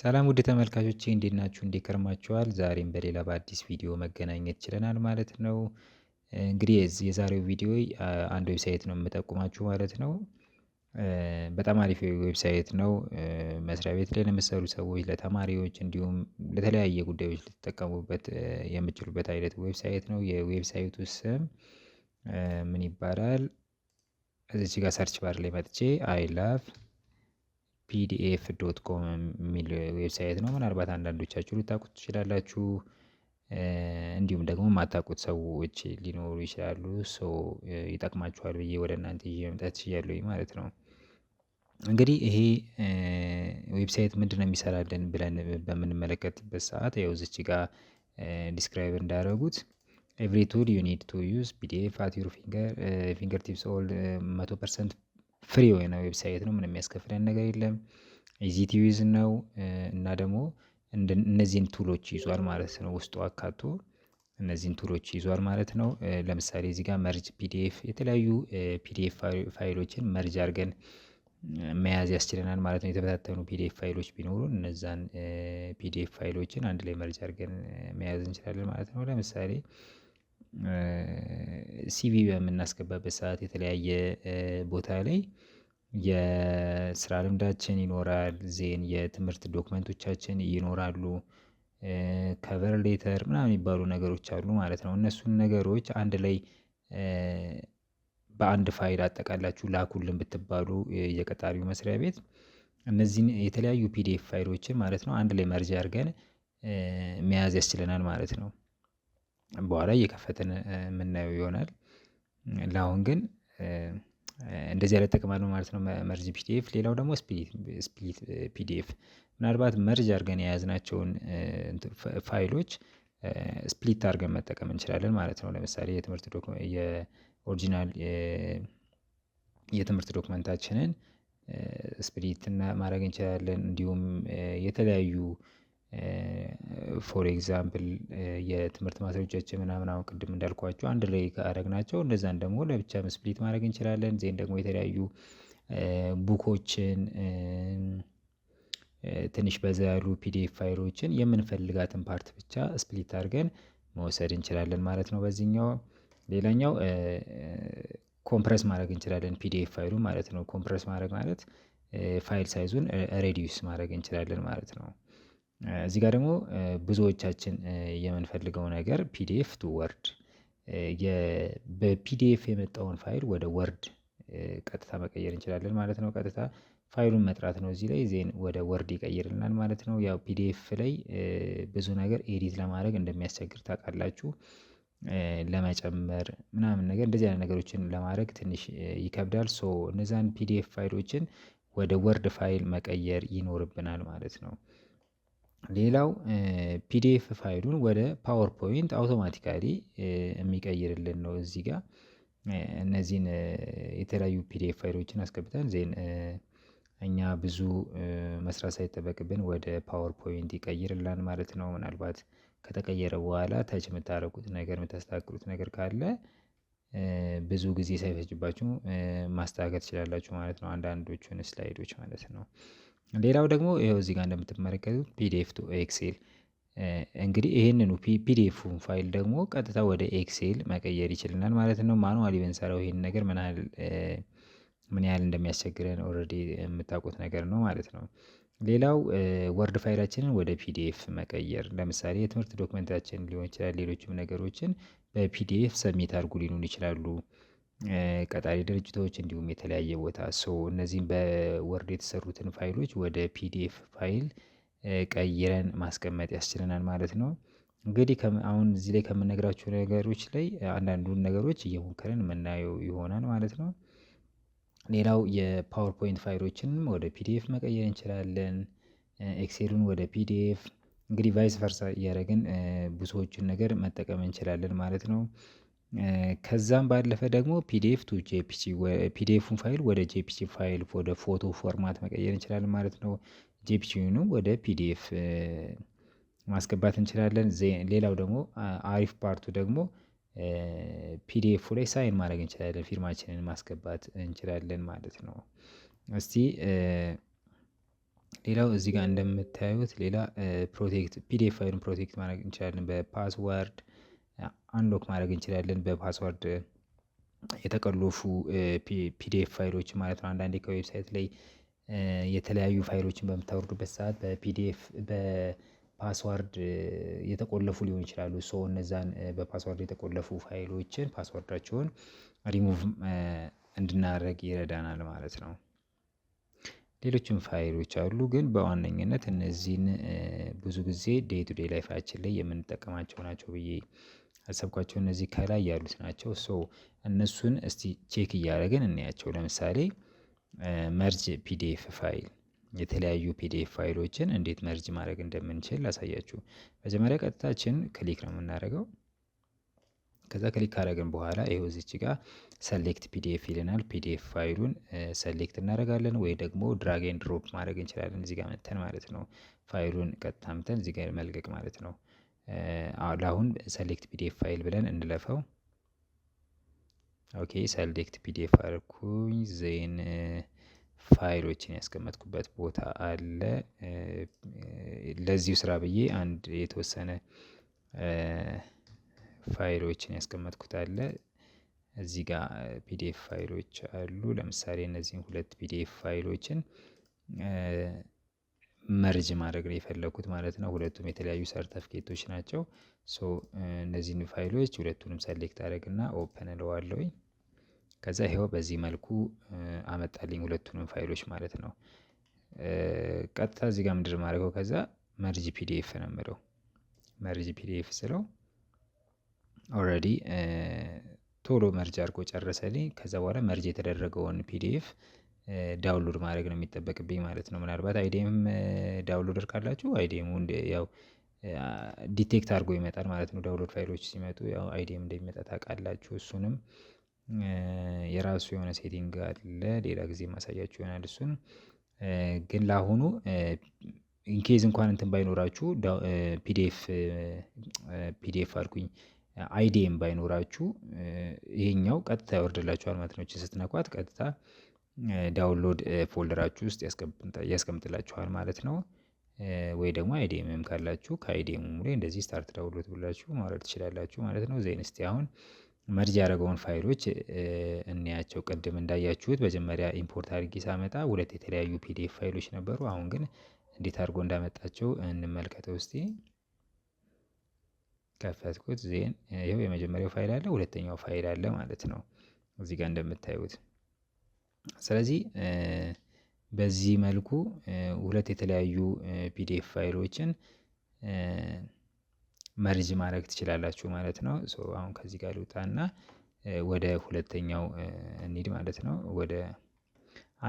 ሰላም ውድ ተመልካቾች እንዴት ናችሁ? እንዴት ከርማችኋል? ዛሬም በሌላ በአዲስ ቪዲዮ መገናኘት ችለናል ማለት ነው። እንግዲህ የዛሬው ቪዲዮ አንድ ዌብሳይት ነው የምጠቁማችሁ ማለት ነው። በጣም አሪፍ ዌብሳይት ነው። መስሪያ ቤት ላይ ለምሰሩ ሰዎች፣ ለተማሪዎች እንዲሁም ለተለያየ ጉዳዮች ልትጠቀሙበት የምችሉበት አይነት ዌብሳይት ነው። የዌብሳይቱ ስም ምን ይባላል? እዚች ጋር ሰርች ባር ላይ መጥቼ አይላቭ ፒዲኤፍ ዶት ኮም የሚል ዌብሳይት ነው። ምናልባት አንዳንዶቻችሁ ልታውቁት ትችላላችሁ፣ እንዲሁም ደግሞ ማታቁት ሰዎች ሊኖሩ ይችላሉ። ሰው ይጠቅማችኋል ብዬ ወደ እናንተ ይዤ መምጣት ችያለሁ ማለት ነው። እንግዲህ ይሄ ዌብሳይት ምንድን ነው የሚሰራልን ብለን በምንመለከትበት ሰዓት ያው ዝች ጋር ዲስክራይብ እንዳደረጉት ኤቭሪ ቱል ዩ ኒድ ቱ ዩዝ ፒዲኤፍ አት ዩር ፊንገር ቲፕስ ኦል መቶ ፐርሰንት ፍሪ የሆነ ዌብሳይት ነው። ምንም የሚያስከፍለን ነገር የለም። ኢዚ ቱ ዩዝ ነው እና ደግሞ እነዚህን ቱሎች ይዟል ማለት ነው። ውስጡ አካቶ እነዚህን ቱሎች ይዟል ማለት ነው። ለምሳሌ እዚህ ጋር መርጅ ፒዲኤፍ የተለያዩ ፒዲኤፍ ፋይሎችን መርጅ አድርገን መያዝ ያስችለናል ማለት ነው። የተበታተኑ ፒዲኤፍ ፋይሎች ቢኖሩ እነዛን ፒዲኤፍ ፋይሎችን አንድ ላይ መርጅ አድርገን መያዝ እንችላለን ማለት ነው። ለምሳሌ ሲቪ በምናስገባበት ሰዓት የተለያየ ቦታ ላይ የስራ ልምዳችን ይኖራል ዜን የትምህርት ዶክመንቶቻችን ይኖራሉ ከቨር ሌተር ምናምን የሚባሉ ነገሮች አሉ ማለት ነው። እነሱን ነገሮች አንድ ላይ በአንድ ፋይል አጠቃላችሁ ላኩልን ብትባሉ የቀጣሪው መስሪያ ቤት እነዚህን የተለያዩ ፒዲኤፍ ፋይሎችን ማለት ነው አንድ ላይ መርጃ አድርገን መያዝ ያስችለናል ማለት ነው በኋላ እየከፈትን የምናየው ይሆናል። ለአሁን ግን እንደዚህ አይነት ጥቅም አለው ማለት ነው። መርጅ ፒዲኤፍ ሌላው ደግሞ ስፕሊት ፒዲኤፍ ምናልባት መርጅ አድርገን የያዝናቸውን ፋይሎች ስፕሊት አድርገን መጠቀም እንችላለን ማለት ነው። ለምሳሌ የትምህርት የኦሪጂናል የትምህርት ዶክመንታችንን ስፕሊት ማድረግ እንችላለን። እንዲሁም የተለያዩ ፎር ኤግዛምፕል የትምህርት ማስረጃችን ምናምን አሁን ቅድም እንዳልኳቸው አንድ ላይ ናቸው። እነዛን ደግሞ ለብቻ ስፕሊት ማድረግ እንችላለን። ዜን ደግሞ የተለያዩ ቡኮችን ትንሽ በዛ ያሉ ፒዲኤፍ ፋይሎችን የምንፈልጋትን ፓርት ብቻ ስፕሊት አድርገን መውሰድ እንችላለን ማለት ነው። በዚህኛው ሌላኛው ኮምፕረስ ማድረግ እንችላለን ፒዲኤፍ ፋይሉ ማለት ነው። ኮምፕረስ ማድረግ ማለት ፋይል ሳይዙን ሬዲዩስ ማድረግ እንችላለን ማለት ነው። እዚህ ጋር ደግሞ ብዙዎቻችን የምንፈልገው ነገር ፒዲኤፍ ቱ ወርድ በፒዲኤፍ የመጣውን ፋይል ወደ ወርድ ቀጥታ መቀየር እንችላለን ማለት ነው። ቀጥታ ፋይሉን መጥራት ነው እዚህ ላይ ዜን ወደ ወርድ ይቀይርልናል ማለት ነው። ያው ፒዲኤፍ ላይ ብዙ ነገር ኤዲት ለማድረግ እንደሚያስቸግር ታውቃላችሁ። ለመጨመር ምናምን ነገር እንደዚህ አይነት ነገሮችን ለማድረግ ትንሽ ይከብዳል። ሶ እነዛን ፒዲኤፍ ፋይሎችን ወደ ወርድ ፋይል መቀየር ይኖርብናል ማለት ነው። ሌላው ፒዲኤፍ ፋይሉን ወደ ፓወር ፖይንት አውቶማቲካሊ የሚቀይርልን ነው። እዚህ ጋር እነዚህን የተለያዩ ፒዲኤፍ ፋይሎችን አስገብተን ዜን እኛ ብዙ መስራት ሳይጠበቅብን ወደ ፓወር ፖይንት ይቀይርላን ማለት ነው። ምናልባት ከተቀየረ በኋላ ተች የምታደርጉት ነገር የምታስተካክሉት ነገር ካለ ብዙ ጊዜ ሳይፈጅባችሁ ማስተካከል ትችላላችሁ ማለት ነው። አንዳንዶቹን ስላይዶች ማለት ነው። ሌላው ደግሞ ይኸው እዚህ ጋር እንደምትመለከቱት ፒዲኤፍ ቱ ኤክሴል እንግዲህ ይህንኑ ፒዲኤፍ ፋይል ደግሞ ቀጥታ ወደ ኤክሴል መቀየር ይችልናል ማለት ነው። ማኑዋሊ ብንሰራው ይህን ነገር ምን ያህል እንደሚያስቸግረን ኦልሬዲ የምታውቁት ነገር ነው ማለት ነው። ሌላው ወርድ ፋይላችንን ወደ ፒዲኤፍ መቀየር፣ ለምሳሌ የትምህርት ዶክመንታችን ሊሆን ይችላል። ሌሎችም ነገሮችን በፒዲኤፍ ሰሜት አድርጉ ሊሆን ይችላሉ። ቀጣሪ ድርጅቶች እንዲሁም የተለያየ ቦታ ሶ እነዚህን በወርድ የተሰሩትን ፋይሎች ወደ ፒዲኤፍ ፋይል ቀይረን ማስቀመጥ ያስችለናል ማለት ነው። እንግዲህ አሁን እዚህ ላይ ከምነግራቸው ነገሮች ላይ አንዳንዱን ነገሮች እየሞከረን የምናየው ይሆናል ማለት ነው። ሌላው የፓወርፖይንት ፋይሎችንም ወደ ፒዲኤፍ መቀየር እንችላለን። ኤክሴሉን ወደ ፒዲኤፍ እንግዲህ ቫይስ ቨርሳ እያደረግን ብዙዎቹን ነገር መጠቀም እንችላለን ማለት ነው። ከዛም ባለፈ ደግሞ ፒዲኤፍ ቱ ጄፒሲ ፒዲኤፉን ፋይል ወደ ጄፒሲ ፋይል ወደ ፎቶ ፎርማት መቀየር እንችላለን ማለት ነው። ጄፒሲውን ወደ ፒዲኤፍ ማስገባት እንችላለን። ሌላው ደግሞ አሪፍ ፓርቱ ደግሞ ፒዲኤፉ ላይ ሳይን ማድረግ እንችላለን ፊርማችንን ማስገባት እንችላለን ማለት ነው። እስቲ ሌላው እዚህ ጋር እንደምታዩት ሌላ ፕሮቴክት ፒዲኤፍ ፋይሉን ፕሮቴክት ማድረግ እንችላለን በፓስወርድ አንሎክ ማድረግ እንችላለን በፓስወርድ የተቀለፉ ፒዲኤፍ ፋይሎች ማለት ነው። አንዳንዴ ከዌብሳይት ላይ የተለያዩ ፋይሎችን በምታወርዱበት ሰዓት በፒዲኤፍ በፓስዋርድ የተቆለፉ ሊሆን ይችላሉ። ሶ እነዛን በፓስዋርድ የተቆለፉ ፋይሎችን ፓስዋርዳቸውን ሪሙቭ እንድናደረግ ይረዳናል ማለት ነው። ሌሎችም ፋይሎች አሉ፣ ግን በዋነኝነት እነዚህን ብዙ ጊዜ ዴይ ቱ ዴይ ላይፋችን ላይ የምንጠቀማቸው ናቸው ብዬ ያሰብኳቸው እነዚህ ከላይ ያሉት ናቸው። ሶ እነሱን እስቲ ቼክ እያደረግን እናያቸው። ለምሳሌ መርጅ ፒዲኤፍ ፋይል የተለያዩ ፒዲኤፍ ፋይሎችን እንዴት መርጅ ማድረግ እንደምንችል ላሳያችሁ። መጀመሪያ ቀጥታችን ክሊክ ነው የምናደርገው። ከዛ ክሊክ ካደረግን በኋላ ይኸው እዚች ጋር ሰሌክት ፒዲኤፍ ይለናል። ፒዲኤፍ ፋይሉን ሰሌክት እናደርጋለን ወይ ደግሞ ድራግ ኤንድ ድሮፕ ማድረግ እንችላለን። እዚጋ መተን ማለት ነው ፋይሉን ቀጥታ መተን እዚጋ መልቀቅ ማለት ነው። ለአሁን ሰሌክት ፒዲኤፍ ፋይል ብለን እንለፈው። ኦኬ ሰሌክት ፒዲኤፍ አድርኩኝ። ዜን ፋይሎችን ያስቀመጥኩበት ቦታ አለ። ለዚሁ ስራ ብዬ አንድ የተወሰነ ፋይሎችን ያስቀመጥኩት አለ። እዚህ ጋር ፒዲኤፍ ፋይሎች አሉ። ለምሳሌ እነዚህን ሁለት ፒዲኤፍ ፋይሎችን መርጅ ማድረግ ነው የፈለኩት ማለት ነው። ሁለቱም የተለያዩ ሰርተፍኬቶች ናቸው። ሶ እነዚህን ፋይሎች ሁለቱንም ሰሌክት አድረግና ኦፕን እለዋለሁኝ። ከዛ ይኸው በዚህ መልኩ አመጣልኝ ሁለቱንም ፋይሎች ማለት ነው። ቀጥታ እዚህ ጋር ምንድር ማድረገው ከዛ መርጅ ፒዲኤፍ ነው የምለው። መርጅ ፒዲኤፍ ስለው ኦልሬዲ ቶሎ መርጅ አድርጎ ጨረሰልኝ። ከዛ በኋላ መርጅ የተደረገውን ፒዲኤፍ ዳውንሎድ ማድረግ ነው የሚጠበቅብኝ ማለት ነው። ምናልባት አይዲኤም ዳውንሎደር ካላችሁ አይዲኤሙ ያው ዲቴክት አድርጎ ይመጣል ማለት ነው። ዳውንሎድ ፋይሎች ሲመጡ ያው አይዲኤም እንደሚመጣ ታውቃላችሁ። እሱንም የራሱ የሆነ ሴቲንግ አለ፣ ሌላ ጊዜ ማሳያችሁ ይሆናል። እሱን ግን ለአሁኑ ኢንኬዝ እንኳን እንትን ባይኖራችሁ ፒዲኤፍ ፒዲኤፍ አልኩኝ አይዲኤም ባይኖራችሁ ይሄኛው ቀጥታ ያወርድላችኋል ማለት ነው። ስትነኳት ቀጥታ ዳውንሎድ ፎልደራችሁ ውስጥ ያስቀምጥላችኋል ማለት ነው። ወይ ደግሞ አይዲኤምም ካላችሁ ከአይዲኤምም ላይ እንደዚህ ስታርት ዳውንሎድ ብላችሁ ማውረድ ትችላላችሁ ማለት ነው። ዜን እስቲ አሁን መርጅ ያደረገውን ፋይሎች እንያቸው። ቅድም እንዳያችሁት መጀመሪያ ኢምፖርት አድርጌ ሳመጣ ሁለት የተለያዩ ፒዲኤፍ ፋይሎች ነበሩ። አሁን ግን እንዴት አድርጎ እንዳመጣቸው እንመልከተው እስቲ። ከፈትኩት ዜን ይኸው የመጀመሪያው ፋይል አለ፣ ሁለተኛው ፋይል አለ ማለት ነው እዚህ ጋር እንደምታዩት ስለዚህ በዚህ መልኩ ሁለት የተለያዩ ፒዲኤፍ ፋይሎችን መርጅ ማድረግ ትችላላችሁ ማለት ነው። አሁን ከዚህ ጋር ልውጣና ወደ ሁለተኛው እንሂድ ማለት ነው። ወደ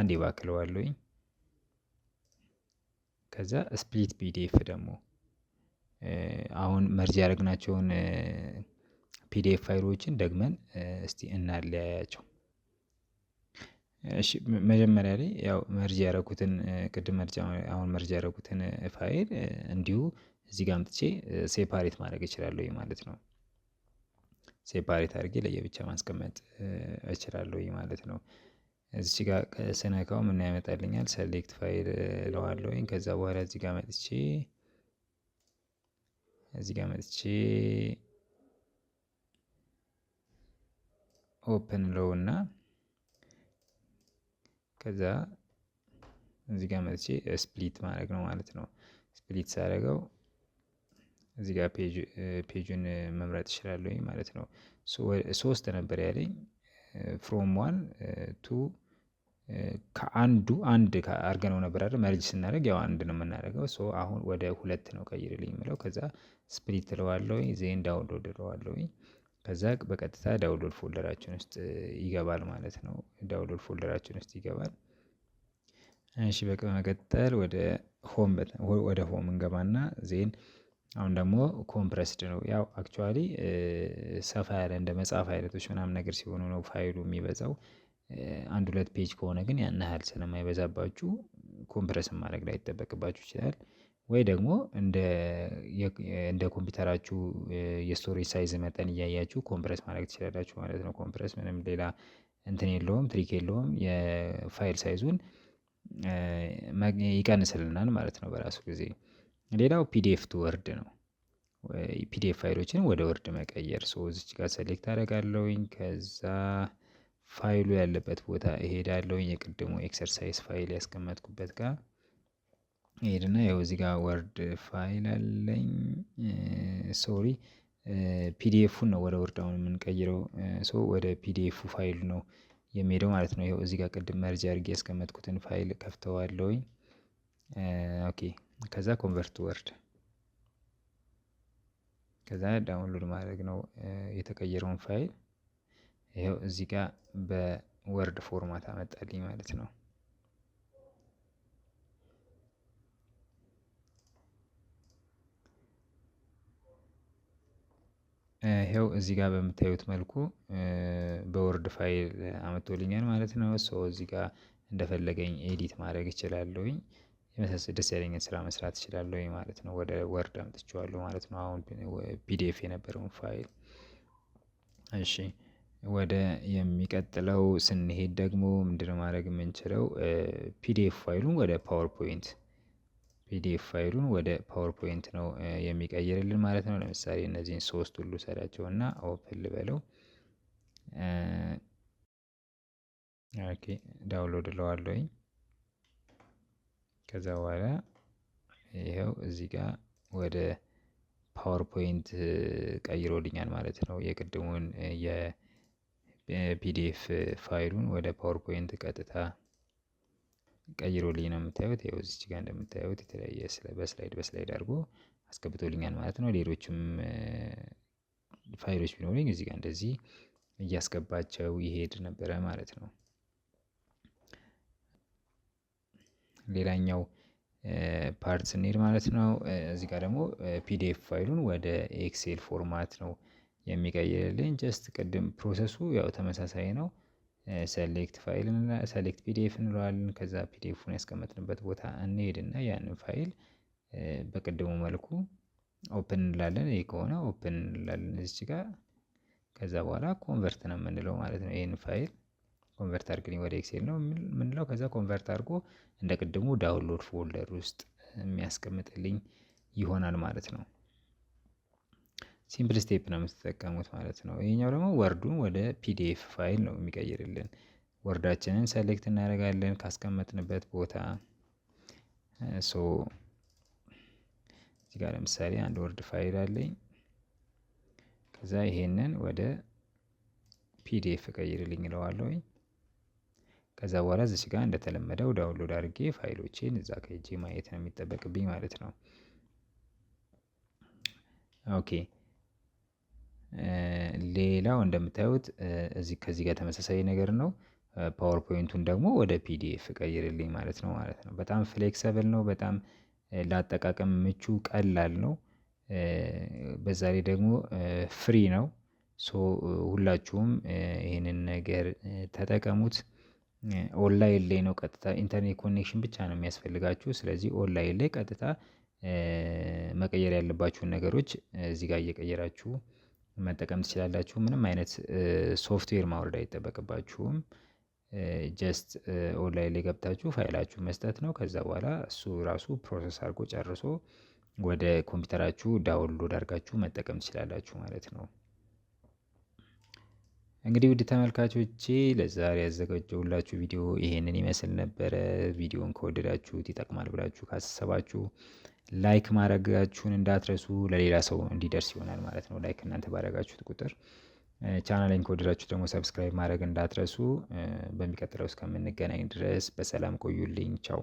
አንድ ባክለዋለሁኝ። ከዛ ስፕሊት ፒዲኤፍ ደግሞ አሁን መርጅ ያደረግናቸውን ፒዲኤፍ ፋይሎችን ደግመን እስቲ እናለያያቸው። እሺ መጀመሪያ ላይ ያው መርጅ ያደረኩትን ቅድም መርጅ አሁን መርጅ ያደረኩትን ፋይል እንዲሁ እዚህ ጋር አምጥቼ ሴፓሬት ማድረግ እችላለሁ ማለት ነው። ሴፓሬት አድርጌ ለየብቻ ማስቀመጥ እችላለሁ ማለት ነው። እዚች ጋር ስነካው ምን ያመጣልኛል? ሰሌክት ፋይል እለዋለሁ። ከዛ በኋላ እዚህ ጋር መጥቼ እዚህ ጋር መጥቼ ኦፕን እለውና ከዛ እዚህ ጋር መጥቼ ስፕሊት ማድረግ ነው ማለት ነው። ስፕሊት ሳደረገው እዚህ ጋር ፔጁን መምረጥ እችላለሁ ማለት ነው። ሶስት ነበር ያለኝ ፍሮም ዋን ቱ ከአንዱ አንድ ነው ነበር አይደል? መርጅ ስናደርግ ያው አንድ ነው የምናደርገው። ሶ አሁን ወደ ሁለት ነው ቀይርልኝ የምለው። ከዛ ስፕሊት ትለዋለሁ፣ ዜን ዳውንሎድ እለዋለሁ። ከዛ በቀጥታ ዳውንሎድ ፎልደራችን ውስጥ ይገባል ማለት ነው። ዳውንሎድ ፎልደራችን ውስጥ ይገባል። እሺ በመቀጠል ወደ ሆም ወደ ሆም እንገባና ዜን አሁን ደግሞ ኮምፕረስድ ነው። ያው አክቹዋሊ ሰፋ ያለ እንደ መጽሐፍ አይነቶች ምናምን ነገር ሲሆኑ ነው ፋይሉ የሚበዛው። አንድ ሁለት ፔጅ ከሆነ ግን ያን ያህል ስለማይበዛባችሁ ኮምፕረስን ማድረግ ላይ ይጠበቅባችሁ ይችላል። ወይ ደግሞ እንደ ኮምፒውተራችሁ የስቶሬጅ ሳይዝ መጠን እያያችሁ ኮምፕረስ ማድረግ ትችላላችሁ ማለት ነው። ኮምፕረስ ምንም ሌላ እንትን የለውም ትሪክ የለውም የፋይል ሳይዙን ይቀንስልናል ማለት ነው። በራሱ ጊዜ ሌላው ፒዲኤፍ ቱ ወርድ ነው። ፒዲኤፍ ፋይሎችን ወደ ወርድ መቀየር ሶ እዚች ጋር ሰሌክት አደርጋለሁኝ ከዛ ፋይሉ ያለበት ቦታ እሄዳለሁኝ የቅድሞ ኤክሰርሳይዝ ፋይል ያስቀመጥኩበት ጋር እሄድና ይኸው እዚህ ጋር ወርድ ፋይል አለኝ። ሶሪ ፒዲኤፉን ነው ወደ ወርድ አሁን የምንቀይረው ሶ ወደ ፒዲኤፉ ፋይል ነው የሚሄደው ማለት ነው። ይኸው እዚህ ጋር ቅድም መርጃ አድርጌ ያስቀመጥኩትን ፋይል ከፍተዋለሁኝ። ኦኬ ከዛ ኮንቨርት ወርድ ከዛ ዳውንሎድ ማድረግ ነው የተቀየረውን ፋይል። ይኸው እዚህ ጋር በወርድ ፎርማት አመጣልኝ ማለት ነው። ይሄው እዚህ ጋር በምታዩት መልኩ በወርድ ፋይል አመቶልኛል ማለት ነው። ሶ እዚህ ጋር እንደፈለገኝ ኤዲት ማድረግ እችላለሁኝ። ደስ ያለኝን ስራ መስራት እችላለሁኝ ማለት ነው። ወደ ወርድ አምጥቼዋለሁ ማለት ነው። አሁን ፒዲኤፍ የነበረውን ፋይል እሺ ወደ የሚቀጥለው ስንሄድ ደግሞ ምንድነው ማድረግ የምንችለው? ፒዲኤፍ ፋይሉን ወደ ፓወርፖይንት ፒዲኤፍ ፋይሉን ወደ ፓወርፖይንት ነው የሚቀይርልን ማለት ነው። ለምሳሌ እነዚህን ሶስት ሁሉ ሰዳቸው እና ኦፕን ልበለው። ኦኬ ዳውንሎድ ለዋለኝ። ከዛ በኋላ ይኸው እዚህ ጋር ወደ ፓወርፖይንት ቀይሮልኛል ማለት ነው። የቅድሙን የፒዲኤፍ ፋይሉን ወደ ፓወርፖይንት ቀጥታ ቀይሮልኝ ነው የምታዩት። ይኸው እዚች ጋር እንደምታዩት የተለያየ በስላይድ በስላይድ አድርጎ አስገብቶልኛል ማለት ነው። ሌሎችም ፋይሎች ቢኖሩኝ እዚህ ጋር እንደዚህ እያስገባቸው ይሄድ ነበረ ማለት ነው። ሌላኛው ፓርት ስንሄድ ማለት ነው እዚህ ጋር ደግሞ ፒዲኤፍ ፋይሉን ወደ ኤክሴል ፎርማት ነው የሚቀይርልኝ። ጀስት ቅድም ፕሮሰሱ ያው ተመሳሳይ ነው። ሰሌክት ፋይል ሰሌክት ፒዲኤፍ እንለዋለን። ከዛ ፒዲኤፉን ያስቀመጥንበት ቦታ እንሄድና ያንን ፋይል በቅድሙ መልኩ ኦፕን እንላለን። ይህ ከሆነ ኦፕን እንላለን እዚች ጋር። ከዛ በኋላ ኮንቨርት ነው የምንለው ማለት ነው። ይህን ፋይል ኮንቨርት አድርግልኝ ወደ ኤክሴል ነው የምንለው። ከዛ ኮንቨርት አድርጎ እንደ ቅድሙ ዳውንሎድ ፎልደር ውስጥ የሚያስቀምጥልኝ ይሆናል ማለት ነው። ሲምፕል ስቴፕ ነው የምትጠቀሙት ማለት ነው። ይሄኛው ደግሞ ወርዱን ወደ ፒዲኤፍ ፋይል ነው የሚቀይርልን። ወርዳችንን ሰሌክት እናደርጋለን ካስቀመጥንበት ቦታ ሶ እዚህ ጋር ለምሳሌ አንድ ወርድ ፋይል አለኝ። ከዛ ይሄንን ወደ ፒዲኤፍ ቀይርልኝ እለዋለሁ። ከዛ በኋላ እዚህ ጋር እንደተለመደው ዳውንሎድ አድርጌ ፋይሎቼን እዛ ከእጄ ማየት ነው የሚጠበቅብኝ ማለት ነው። ኦኬ ሌላው እንደምታዩት እዚህ ከዚህ ጋር ተመሳሳይ ነገር ነው። ፓወር ደግሞ ወደ ፒዲኤፍ ቀይርልኝ ማለት ነው ማለት ነው። በጣም ፍሌክሰብል ነው። በጣም ለአጠቃቀም ምቹ ቀላል ነው። በዛ ላይ ደግሞ ፍሪ ነው። ሶ ሁላችሁም ይህንን ነገር ተጠቀሙት። ኦንላይን ላይ ነው ቀጥታ ኢንተርኔት ኮኔክሽን ብቻ ነው የሚያስፈልጋችሁ። ስለዚህ ኦንላይን ላይ ቀጥታ መቀየር ያለባችሁን ነገሮች እዚህ ጋር እየቀየራችሁ መጠቀም ትችላላችሁ። ምንም አይነት ሶፍትዌር ማውረድ አይጠበቅባችሁም። ጀስት ኦንላይን ላይ ገብታችሁ ፋይላችሁ መስጠት ነው። ከዛ በኋላ እሱ ራሱ ፕሮሰስ አድርጎ ጨርሶ ወደ ኮምፒውተራችሁ ዳውንሎድ አድርጋችሁ መጠቀም ትችላላችሁ ማለት ነው። እንግዲህ ውድ ተመልካቾቼ ለዛሬ ያዘጋጀሁላችሁ ቪዲዮ ይሄንን ይመስል ነበረ። ቪዲዮን ከወደዳችሁት ይጠቅማል ብላችሁ ካሰባችሁ ላይክ ማድረጋችሁን እንዳትረሱ፣ ለሌላ ሰው እንዲደርስ ይሆናል ማለት ነው። ላይክ እናንተ ባደረጋችሁት ቁጥር ቻናሌን ከወደዳችሁ ደግሞ ሰብስክራይብ ማድረግ እንዳትረሱ። በሚቀጥለው እስከምንገናኝ ድረስ በሰላም ቆዩልኝ። ቻው